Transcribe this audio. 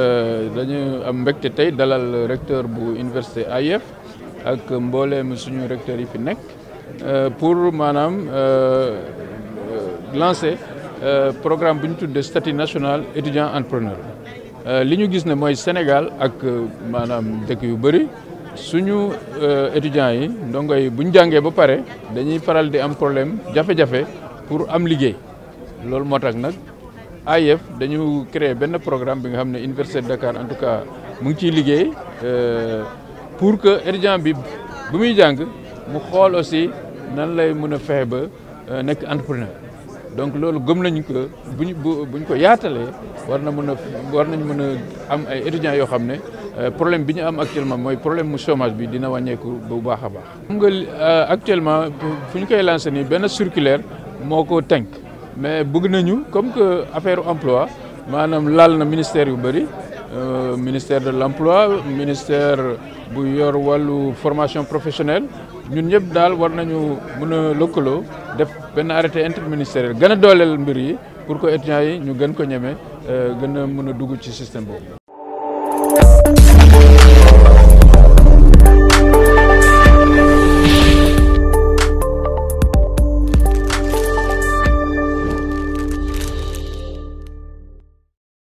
Euh, dañu am mbégte tey dalal recteur bu université AIF ak mbooleem suñu recteur yi fi nekk euh, pour maanaam euh, lancer programme bu ñu tuddee statut national étudiant entrepreneur li ñu gis ne mooy Sénégal ak maanaam dëkk yu bëri suñu étudiant yi ndongo yi bu ñu jàngee ba pare dañuy faral di am problème jafe-jafe pour am liggéey loolu moo tax nag AIF dañu créé benn programme bi nga xam ne Université de Dakar en tout cas mu ngi ciy liggéey euh, pour que étudiant bi bu muy jàng mu xool aussi nan lay mën a ba euh, nekk entrepreneur. donc loolu gëm nañu ko bu ñu ko yaatalee war na mën a war nañu mën a am ay étudiant yoo xam ne euh, problème bi ñu am actuellement mooy problème mu chômage bi dina ko bu baax a baax. xam nga actuellement fu koy lancé nii benn circulaire moo ko mais bëgg nañu comme que affaire emploi maanaam laal na ministère yu bëri euh, ministère de l' emploi ministère bu yor wàllu formation professionnelle ñun ñëpp daal war nañu mën a lëkkaloo def benn arrêté interministériel gën a dooleel mbir yi pour que étudiants yi ñu gën ko ñeme euh, gën a mën a dugg ci système boobu.